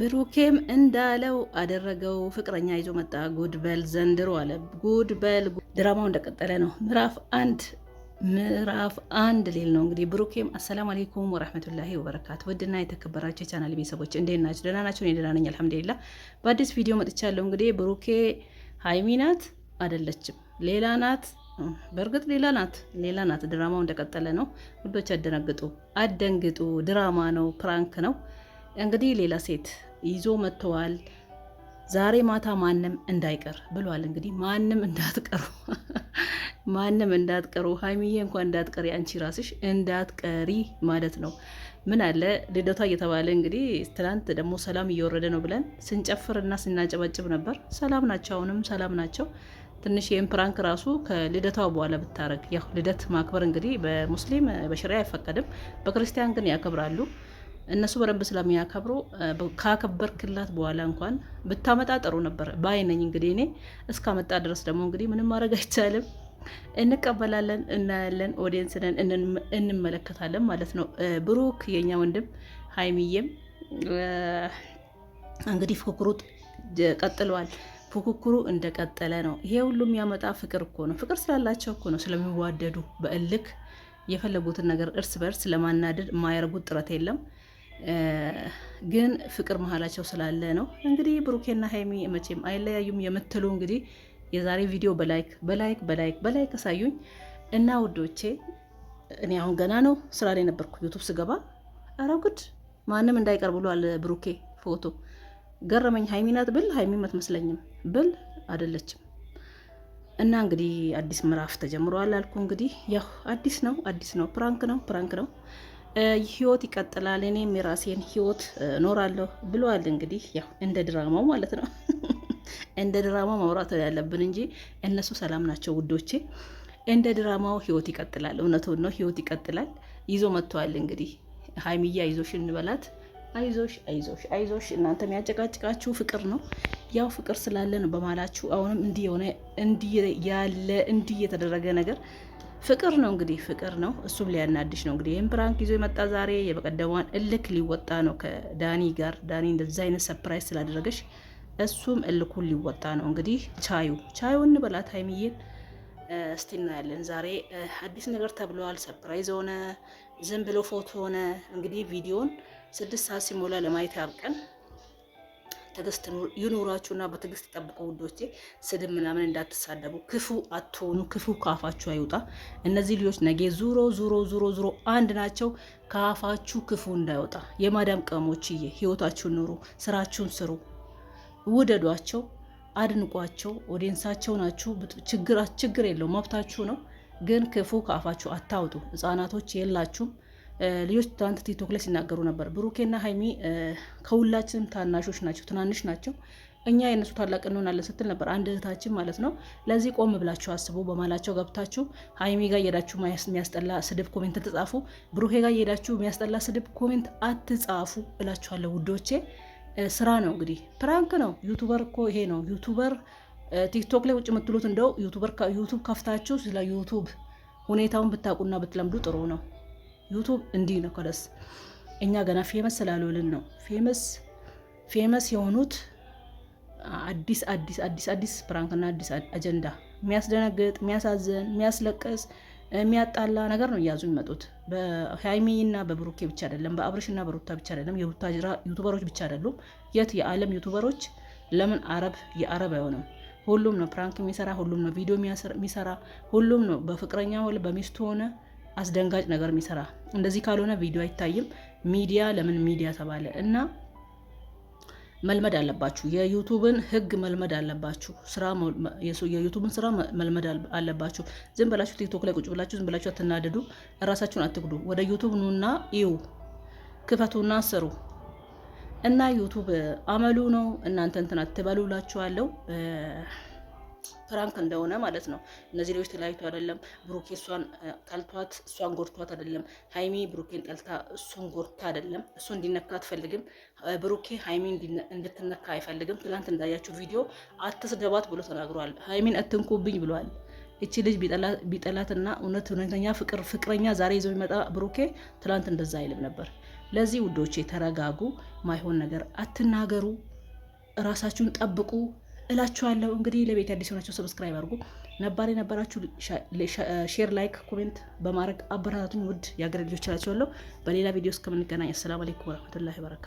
ብሩኬም እንዳለው አደረገው። ፍቅረኛ ይዞ መጣ። ጉድበል ዘንድሮ አለ ጉድበል። ድራማው እንደቀጠለ ነው። ምዕራፍ አንድ ምዕራፍ አንድ ሌል ነው እንግዲህ ብሩኬም አሰላሙ አሌይኩም ወረህመቱላሂ ወበረካቱ። ውድና የተከበራቸው የቻናል ቤተሰቦች እንዴት ናቸው? ደህና ናቸው? እኔ ደህና ነኝ አልሐምዱሊላህ። በአዲስ ቪዲዮ መጥቻለሁ። እንግዲህ ብሩኬ ሀይሚ ናት አይደለችም፣ ሌላ ናት። በእርግጥ ሌላ ናት፣ ሌላ ናት። ድራማው እንደቀጠለ ነው። ውዶች አደነግጡ፣ አደንግጡ። ድራማ ነው፣ ፕራንክ ነው። እንግዲህ ሌላ ሴት ይዞ መጥተዋል። ዛሬ ማታ ማንም እንዳይቀር ብሏል። እንግዲህ ማንም እንዳትቀሩ፣ ማንም እንዳትቀሩ፣ ሀይሚዬ እንኳን እንዳትቀሪ፣ አንቺ ራስሽ እንዳትቀሪ ማለት ነው። ምን አለ ልደቷ እየተባለ እንግዲህ ትናንት ደግሞ ሰላም እየወረደ ነው ብለን ስንጨፍር እና ስናጨበጭብ ነበር። ሰላም ናቸው፣ አሁንም ሰላም ናቸው። ትንሽ ይህም ፕራንክ ራሱ ከልደቷ በኋላ ብታረግ ያው ልደት ማክበር እንግዲህ በሙስሊም በሽሪያ አይፈቀድም፣ በክርስቲያን ግን ያከብራሉ። እነሱ በረብ ስለሚያከብሩ ካከበርክላት በኋላ እንኳን ብታመጣ ጥሩ ነበር ባይነኝ። እንግዲህ እኔ እስካመጣ ድረስ ደግሞ እንግዲህ ምንም ማድረግ አይቻልም። እንቀበላለን፣ እናያለን፣ ኦዲየንስን እንመለከታለን ማለት ነው። ብሩክ የኛ ወንድም ሀይሚዬም እንግዲህ ፉክክሩ ቀጥለዋል። ፉክክሩ እንደቀጠለ ነው። ይሄ ሁሉም ያመጣ ፍቅር እኮ ነው። ፍቅር ስላላቸው እኮ ነው ስለሚዋደዱ በእልክ የፈለጉትን ነገር እርስ በርስ ለማናደድ የማያደርጉት ጥረት የለም። ግን ፍቅር መሀላቸው ስላለ ነው። እንግዲህ ብሩኬና ሀይሚ መቼም አይለያዩም የምትሉ እንግዲህ የዛሬ ቪዲዮ በላይክ በላይክ በላይክ በላይክ አሳዩኝ እና ውዶቼ፣ እኔ አሁን ገና ነው ስራ ላይ ነበርኩ። ዩቱብ ስገባ አረው ማንም እንዳይቀር ብሏል ብሩኬ ፎቶ ገረመኝ። ሀይሚ ናት ብል ሀይሚም አትመስለኝም ብል አይደለችም። እና እንግዲህ አዲስ ምዕራፍ ተጀምሯል አልኩ። እንግዲህ ያው አዲስ ነው አዲስ ነው ፕራንክ ነው ፕራንክ ነው ህይወት ይቀጥላል፣ እኔም የራሴን ህይወት እኖራለሁ ብለዋል። እንግዲህ ያው እንደ ድራማው ማለት ነው። እንደ ድራማው ማውራት ያለብን እንጂ እነሱ ሰላም ናቸው ውዶቼ። እንደ ድራማው ህይወት ይቀጥላል። እውነቱን ነው፣ ህይወት ይቀጥላል። ይዞ መጥተዋል እንግዲህ ሀይሚዬ ይዞሽ እንበላት። አይዞሽ አይዞሽ አይዞሽ። እናንተ የሚያጨቃጭቃችሁ ፍቅር ነው። ያው ፍቅር ስላለ ነው በማላችሁ አሁንም እንዲህ የሆነ እንዲህ ያለ እንዲህ የተደረገ ነገር ፍቅር ነው እንግዲህ ፍቅር ነው። እሱም ሊያናድሽ ነው እንግዲህ ይህም ፕራንክ ይዞ የመጣ ዛሬ የበቀደሟን እልክ ሊወጣ ነው ከዳኒ ጋር። ዳኒ እንደዛ አይነት ሰፕራይዝ ስላደረገሽ እሱም እልኩን ሊወጣ ነው እንግዲህ። ቻዩ ቻዩ እንበላት ሀይሚዬን እስቲ እናያለን። ዛሬ አዲስ ነገር ተብለዋል። ሰፕራይዝ ሆነ ዝም ብሎ ፎቶ ሆነ እንግዲህ ቪዲዮን ስድስት ሰዓት ሲሞላ ለማየት ያብቀን። ትዕግስት ይኖራችሁና በትዕግስት ጠብቁ ውዶቼ። ስድብ ምናምን እንዳትሳደቡ፣ ክፉ አትሆኑ፣ ክፉ ከአፋችሁ አይውጣ። እነዚህ ልጆች ነገ ዙሮ ዙሮ ዙሮ ዙሮ አንድ ናቸው። ከአፋችሁ ክፉ እንዳይወጣ። የማዳም ቅመሞችዬ ህይወታችሁን ኑሩ፣ ስራችሁን ስሩ፣ ውደዷቸው፣ አድንቋቸው። ኦዲንሳቸው ናችሁ። ችግር የለው መብታችሁ ነው። ግን ክፉ ከአፋችሁ አታውጡ። ህጻናቶች የላችሁም። ልጆች ትናንት ቲክቶክ ላይ ሲናገሩ ነበር። ብሩኬና ሀይሚ ከሁላችንም ታናሾች ናቸው፣ ትናንሽ ናቸው። እኛ የእነሱ ታላቅ እንሆናለን ስትል ነበር አንድ እህታችን ማለት ነው። ለዚህ ቆም ብላችሁ አስቡ። በማላቸው ገብታችሁ ሀይሚ ጋር እየሄዳችሁ የሚያስጠላ ስድብ ኮሜንት ትጻፉ፣ ብሩኬ ጋር እየሄዳችሁ የሚያስጠላ ስድብ ኮሜንት አትጻፉ እላችኋለሁ ውዶቼ። ስራ ነው እንግዲህ ፕራንክ ነው። ዩቱበር እኮ ይሄ ነው ዩቱበር። ቲክቶክ ላይ ውጭ የምትሉት እንደው ዩቱብ ከፍታችሁ ስለ ዩቱብ ሁኔታውን ብታውቁና ብትለምዱ ጥሩ ነው። ዩቱብ እንዲህ ነው። ከደስ እኛ ገና ፌመስ ስላልሆንን ነው። ፌመስ ፌመስ የሆኑት አዲስ አዲስ አዲስ አዲስ ፕራንክና አዲስ አጀንዳ የሚያስደነግጥ፣ የሚያሳዘን የሚያስለቅስ፣ የሚያጣላ ነገር ነው እያዙ የሚመጡት። በሀይሚና በብሩኬ ብቻ አይደለም፣ እና በሩታ ብቻ አይደለም፣ የቡታጅራ ዩቱበሮች ብቻ አይደሉም። የት የዓለም ዩቱበሮች ለምን አረብ የአረብ አይሆንም? ሁሉም ነው ፕራንክ የሚሰራ ሁሉም ነው ቪዲዮ የሚሰራ ሁሉም ነው በፍቅረኛ ሆነ በሚስቱ ሆነ አስደንጋጭ ነገር የሚሰራ እንደዚህ ካልሆነ ቪዲዮ አይታይም። ሚዲያ ለምን ሚዲያ ተባለ እና መልመድ አለባችሁ። የዩቱብን ህግ መልመድ አለባችሁ። የዩቱብን ስራ መልመድ አለባችሁ። ዝም ብላችሁ ቲክቶክ ላይ ቁጭ ብላችሁ ዝም ብላችሁ አትናደዱ፣ እራሳችሁን አትግዱ። ወደ ዩቱብ ኑና እዩ፣ ክፈቱና ስሩ እና ዩቱብ አመሉ ነው። እናንተ እንትን አትበሉላችኋለሁ። ፕራንክ እንደሆነ ማለት ነው። እነዚህ ልጆች ተለያይቶ አይደለም። ብሩኬ እሷን ጠልቷት እሷን ጎድቷት አይደለም። ሀይሚ ብሩኬን ጠልታ እሱን ጎድታ አይደለም። እሱ እንዲነካ አትፈልግም። ብሩኬ ሀይሚ እንድትነካ አይፈልግም። ትናንት እንዳያችሁ ቪዲዮ አትስደባት ብሎ ተናግሯል። ሀይሚን አትንኩብኝ ብሏል። እቺ ልጅ ቢጠላትና እውነት እውነተኛ ፍቅር ፍቅረኛ ዛሬ ይዞ ቢመጣ ብሩኬ ትናንት እንደዛ አይልም ነበር። ለዚህ ውዶቼ ተረጋጉ። ማይሆን ነገር አትናገሩ። እራሳችሁን ጠብቁ። እላችኋለሁ። እንግዲህ ለቤት አዲስ የሆናችሁ ሰብስክራይብ አድርጉ፣ ነባር የነበራችሁ ሼር፣ ላይክ፣ ኮሜንት በማድረግ አበረታቱኝ። ውድ የአገሬ ልጆች እላችኋለሁ። በሌላ ቪዲዮ እስከምንገናኝ አሰላም አለይኩም ወረህመቱላሂ በረካቱ